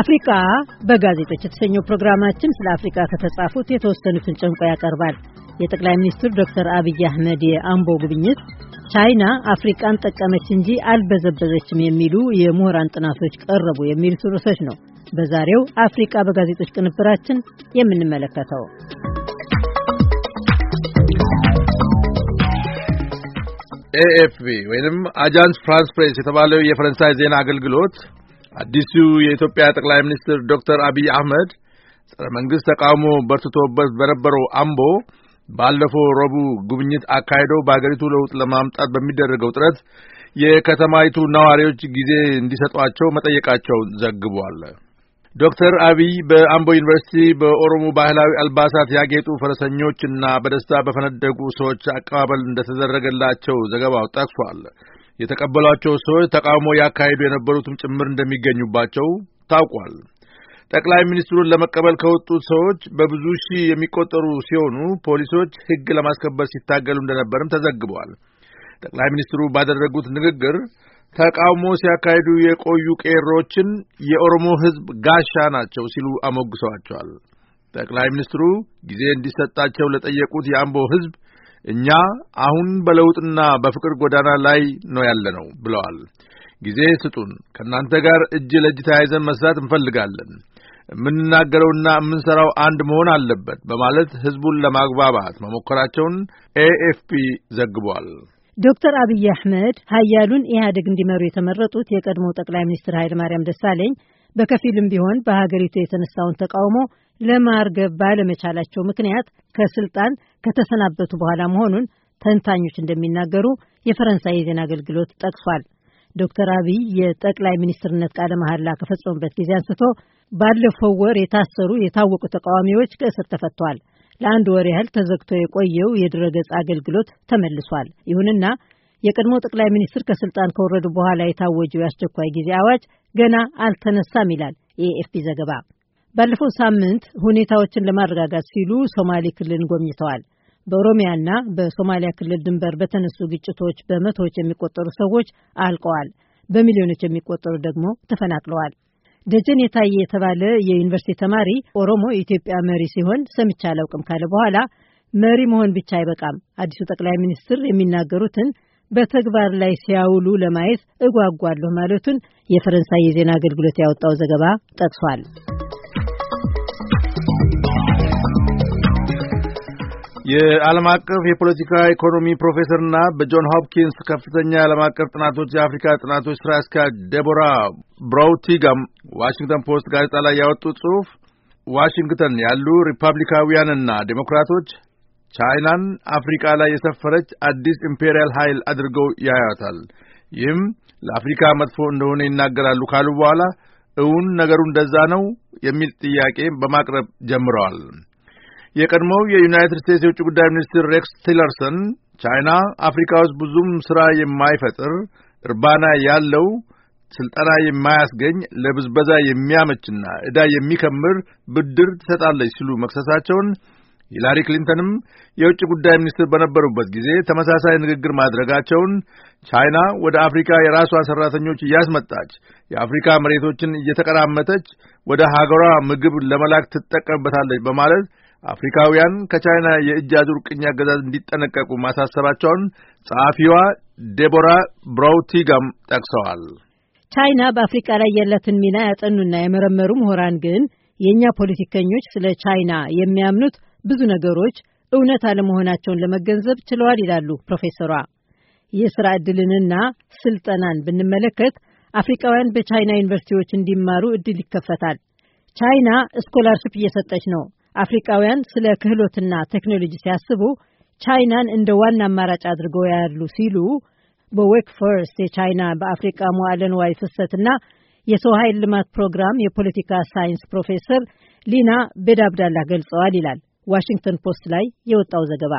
አፍሪካ በጋዜጦች የተሰኘው ፕሮግራማችን ስለ አፍሪካ ከተጻፉት የተወሰኑትን ጨምቆ ያቀርባል። የጠቅላይ ሚኒስትር ዶክተር አብይ አህመድ የአምቦ ጉብኝት፣ ቻይና አፍሪቃን ጠቀመች እንጂ አልበዘበዘችም የሚሉ የምሁራን ጥናቶች ቀረቡ የሚሉት ርዕሶች ነው በዛሬው አፍሪካ በጋዜጦች ቅንብራችን የምንመለከተው። ኤኤፍቢ ወይንም አጃንስ ፍራንስ ፕሬስ የተባለው የፈረንሳይ ዜና አገልግሎት አዲሱ የኢትዮጵያ ጠቅላይ ሚኒስትር ዶክተር አብይ አህመድ ጸረ መንግስት ተቃውሞ በርትቶበት በነበረው አምቦ ባለፈው ረቡዕ ጉብኝት አካሂደው በአገሪቱ ለውጥ ለማምጣት በሚደረገው ጥረት የከተማይቱ ነዋሪዎች ጊዜ እንዲሰጧቸው መጠየቃቸውን ዘግቧል። ዶክተር አብይ በአምቦ ዩኒቨርሲቲ በኦሮሞ ባህላዊ አልባሳት ያጌጡ ፈረሰኞችና በደስታ በፈነደቁ ሰዎች አቀባበል እንደተደረገላቸው ዘገባው ጠቅሷል። የተቀበሏቸው ሰዎች ተቃውሞ ያካሄዱ የነበሩትም ጭምር እንደሚገኙባቸው ታውቋል። ጠቅላይ ሚኒስትሩን ለመቀበል ከወጡት ሰዎች በብዙ ሺህ የሚቆጠሩ ሲሆኑ ፖሊሶች ሕግ ለማስከበር ሲታገሉ እንደነበርም ተዘግበዋል። ጠቅላይ ሚኒስትሩ ባደረጉት ንግግር ተቃውሞ ሲያካሂዱ የቆዩ ቄሮችን የኦሮሞ ሕዝብ ጋሻ ናቸው ሲሉ አሞግሰዋቸዋል። ጠቅላይ ሚኒስትሩ ጊዜ እንዲሰጣቸው ለጠየቁት የአምቦ ሕዝብ እኛ አሁን በለውጥና በፍቅር ጎዳና ላይ ነው ያለነው ብለዋል። ጊዜ ስጡን። ከእናንተ ጋር እጅ ለእጅ ተያይዘን መስራት እንፈልጋለን። የምንናገረውና የምንሰራው አንድ መሆን አለበት በማለት ህዝቡን ለማግባባት መሞከራቸውን ኤኤፍፒ ዘግቧል። ዶክተር አብይ አህመድ ሀያሉን ኢህአዴግ እንዲመሩ የተመረጡት የቀድሞው ጠቅላይ ሚኒስትር ኃይለማርያም ደሳለኝ በከፊልም ቢሆን በሀገሪቱ የተነሳውን ተቃውሞ ለማርገብ ባለመቻላቸው ምክንያት ከስልጣን ከተሰናበቱ በኋላ መሆኑን ተንታኞች እንደሚናገሩ የፈረንሳይ የዜና አገልግሎት ጠቅሷል። ዶክተር አብይ የጠቅላይ ሚኒስትርነት ቃለ መሐላ ከፈጸሙበት ጊዜ አንስቶ ባለፈው ወር የታሰሩ የታወቁ ተቃዋሚዎች ከእስር ተፈተዋል። ለአንድ ወር ያህል ተዘግቶ የቆየው የድረገጽ አገልግሎት ተመልሷል። ይሁንና የቀድሞ ጠቅላይ ሚኒስትር ከስልጣን ከወረዱ በኋላ የታወጀው የአስቸኳይ ጊዜ አዋጅ ገና አልተነሳም ይላል የኤኤፍፒ ዘገባ። ባለፈው ሳምንት ሁኔታዎችን ለማረጋጋት ሲሉ ሶማሌ ክልልን ጎብኝተዋል። በኦሮሚያና በሶማሊያ ክልል ድንበር በተነሱ ግጭቶች በመቶዎች የሚቆጠሩ ሰዎች አልቀዋል፣ በሚሊዮኖች የሚቆጠሩ ደግሞ ተፈናቅለዋል። ደጀን የታየ የተባለ የዩኒቨርሲቲ ተማሪ ኦሮሞ የኢትዮጵያ መሪ ሲሆን ሰምቼ አላውቅም ካለ በኋላ መሪ መሆን ብቻ አይበቃም፣ አዲሱ ጠቅላይ ሚኒስትር የሚናገሩትን በተግባር ላይ ሲያውሉ ለማየት እጓጓለሁ ማለቱን የፈረንሳይ የዜና አገልግሎት ያወጣው ዘገባ ጠቅሷል። የዓለም አቀፍ የፖለቲካ ኢኮኖሚ ፕሮፌሰርና በጆን ሆፕኪንስ ከፍተኛ የዓለም አቀፍ ጥናቶች የአፍሪካ ጥናቶች ስራ አስኪያጅ ዴቦራ ብራውቲጋም ዋሽንግተን ፖስት ጋዜጣ ላይ ያወጡት ጽሑፍ ዋሽንግተን ያሉ ሪፐብሊካውያንና ዴሞክራቶች ቻይናን አፍሪካ ላይ የሰፈረች አዲስ ኢምፔሪያል ኃይል አድርገው ያያታል። ይህም ለአፍሪካ መጥፎ እንደሆነ ይናገራሉ ካሉ በኋላ እውን ነገሩ እንደዛ ነው የሚል ጥያቄ በማቅረብ ጀምረዋል። የቀድሞው የዩናይትድ ስቴትስ የውጭ ጉዳይ ሚኒስትር ሬክስ ቲለርሰን ቻይና አፍሪካ ውስጥ ብዙም ሥራ የማይፈጥር እርባና ያለው ስልጠና የማያስገኝ ለብዝበዛ የሚያመችና ዕዳ የሚከምር ብድር ትሰጣለች ሲሉ መክሰሳቸውን ሂላሪ ክሊንተንም የውጭ ጉዳይ ሚኒስትር በነበሩበት ጊዜ ተመሳሳይ ንግግር ማድረጋቸውን ቻይና ወደ አፍሪካ የራሷ ሰራተኞች እያስመጣች የአፍሪካ መሬቶችን እየተቀራመተች ወደ ሀገሯ ምግብ ለመላክ ትጠቀምበታለች በማለት አፍሪካውያን ከቻይና የእጅ አዙር ቅኝ አገዛዝ እንዲጠነቀቁ ማሳሰባቸውን ጸሐፊዋ ዴቦራ ብራውቲጋም ጠቅሰዋል። ቻይና በአፍሪቃ ላይ ያላትን ሚና ያጠኑና የመረመሩ ምሁራን ግን የእኛ ፖለቲከኞች ስለ ቻይና የሚያምኑት ብዙ ነገሮች እውነት አለመሆናቸውን ለመገንዘብ ችለዋል ይላሉ ፕሮፌሰሯ። የሥራ ዕድልንና ስልጠናን ብንመለከት አፍሪቃውያን በቻይና ዩኒቨርሲቲዎች እንዲማሩ ዕድል ይከፈታል። ቻይና ስኮላርሽፕ እየሰጠች ነው። አፍሪካውያን ስለ ክህሎትና ቴክኖሎጂ ሲያስቡ ቻይናን እንደ ዋና አማራጭ አድርገው ያሉ ሲሉ በዌክ ፈርስት የቻይና በአፍሪቃ መዋዕለ ንዋይ ፍሰትና የሰው ኃይል ልማት ፕሮግራም የፖለቲካ ሳይንስ ፕሮፌሰር ሊና ቤዳብዳላ ገልጸዋል ይላል ዋሽንግተን ፖስት ላይ የወጣው ዘገባ።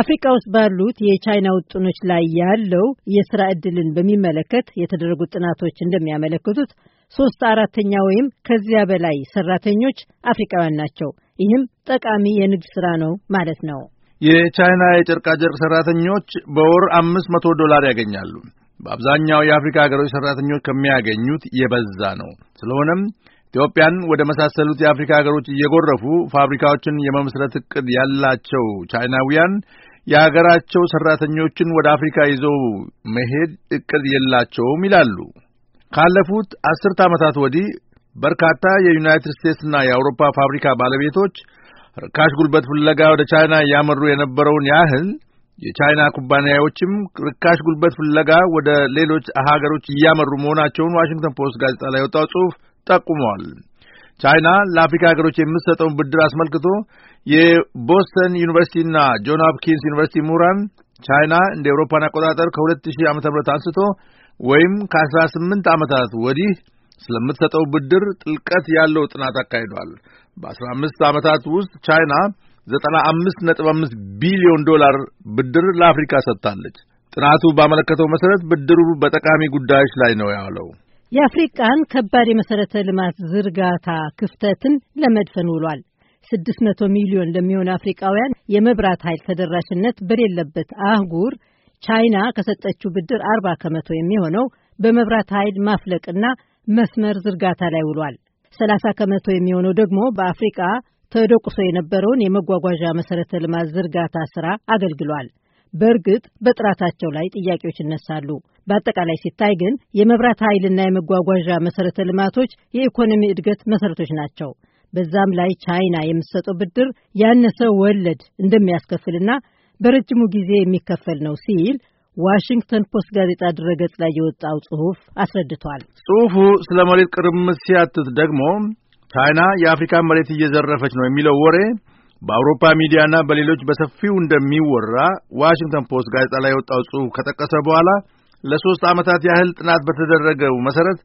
አፍሪቃ ውስጥ ባሉት የቻይና ውጥኖች ላይ ያለው የስራ ዕድልን በሚመለከት የተደረጉት ጥናቶች እንደሚያመለክቱት ሶስት አራተኛ ወይም ከዚያ በላይ ሰራተኞች አፍሪካውያን ናቸው። ይህም ጠቃሚ የንግድ ስራ ነው ማለት ነው። የቻይና የጨርቃጨርቅ ሰራተኞች በወር አምስት መቶ ዶላር ያገኛሉ። በአብዛኛው የአፍሪካ ሀገሮች ሰራተኞች ከሚያገኙት የበዛ ነው። ስለሆነም ኢትዮጵያን ወደ መሳሰሉት የአፍሪካ ሀገሮች እየጎረፉ ፋብሪካዎችን የመመስረት እቅድ ያላቸው ቻይናውያን የሀገራቸው ሰራተኞችን ወደ አፍሪካ ይዘው መሄድ እቅድ የላቸውም ይላሉ። ካለፉት አስርት ዓመታት ወዲህ በርካታ የዩናይትድ ስቴትስና የአውሮፓ ፋብሪካ ባለቤቶች ርካሽ ጉልበት ፍለጋ ወደ ቻይና እያመሩ የነበረውን ያህል የቻይና ኩባንያዎችም ርካሽ ጉልበት ፍለጋ ወደ ሌሎች ሀገሮች እያመሩ መሆናቸውን ዋሽንግተን ፖስት ጋዜጣ ላይ የወጣው ጽሑፍ ጠቁመዋል። ቻይና ለአፍሪካ ሀገሮች የምትሰጠውን ብድር አስመልክቶ የቦስተን ዩኒቨርሲቲና ጆን ሆፕኪንስ ዩኒቨርሲቲ ምሁራን ቻይና እንደ ኤውሮፓን አቆጣጠር ከ2000 ዓ.ም አንስቶ ወይም ከ18 ዓመታት ወዲህ ስለምትሰጠው ብድር ጥልቀት ያለው ጥናት አካሂዷል። በ በ15 ዓመታት ውስጥ ቻይና 955 ቢሊዮን ዶላር ብድር ለአፍሪካ ሰጥታለች። ጥናቱ ባመለከተው መሰረት ብድሩ በጠቃሚ ጉዳዮች ላይ ነው ያለው። የአፍሪቃን ከባድ የመሰረተ ልማት ዝርጋታ ክፍተትን ለመድፈን ውሏል። 600 ሚሊዮን ለሚሆን አፍሪቃውያን የመብራት ኃይል ተደራሽነት በሌለበት አህጉር ቻይና ከሰጠችው ብድር አርባ ከመቶ የሚሆነው በመብራት ኃይል ማፍለቅና መስመር ዝርጋታ ላይ ውሏል። ሰላሳ ከመቶ የሚሆነው ደግሞ በአፍሪቃ ተደቁሶ የነበረውን የመጓጓዣ መሰረተ ልማት ዝርጋታ ስራ አገልግሏል። በእርግጥ በጥራታቸው ላይ ጥያቄዎች ይነሳሉ። በአጠቃላይ ሲታይ ግን የመብራት ኃይልና የመጓጓዣ መሰረተ ልማቶች የኢኮኖሚ እድገት መሰረቶች ናቸው። በዛም ላይ ቻይና የምትሰጠው ብድር ያነሰ ወለድ እንደሚያስከፍልና በረጅሙ ጊዜ የሚከፈል ነው ሲል ዋሽንግተን ፖስት ጋዜጣ ድረገጽ ላይ የወጣው ጽሑፍ አስረድቷል። ጽሑፉ ስለ መሬት ቅርምት ሲያትት ደግሞ ቻይና የአፍሪካን መሬት እየዘረፈች ነው የሚለው ወሬ በአውሮፓ ሚዲያና በሌሎች በሰፊው እንደሚወራ ዋሽንግተን ፖስት ጋዜጣ ላይ የወጣው ጽሑፍ ከጠቀሰ በኋላ ለሶስት ዓመታት ያህል ጥናት በተደረገው መሠረት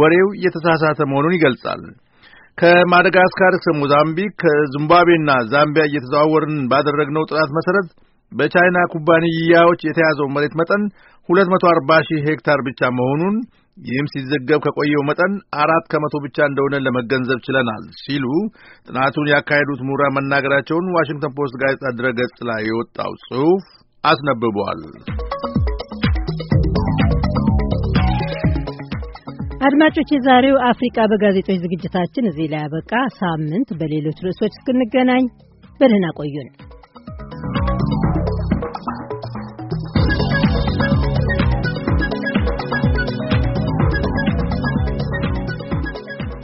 ወሬው እየተሳሳተ መሆኑን ይገልጻል። ከማደጋስካር እስከ ሞዛምቢክ ከዚምባብዌና ዛምቢያ እየተዘዋወርን ባደረግነው ጥናት መሠረት በቻይና ኩባንያዎች የተያዘው መሬት መጠን 240 ሺህ ሄክታር ብቻ መሆኑን ይህም ሲዘገብ ከቆየው መጠን አራት ከመቶ ብቻ እንደሆነ ለመገንዘብ ችለናል ሲሉ ጥናቱን ያካሄዱት ምሁራን መናገራቸውን ዋሽንግተን ፖስት ጋዜጣ ድረገጽ ላይ የወጣው ጽሑፍ አስነብቧል። አድማጮች፣ የዛሬው አፍሪቃ በጋዜጦች ዝግጅታችን እዚህ ላይ ያበቃ። ሳምንት በሌሎች ርዕሶች እስክንገናኝ በደህና ቆዩን።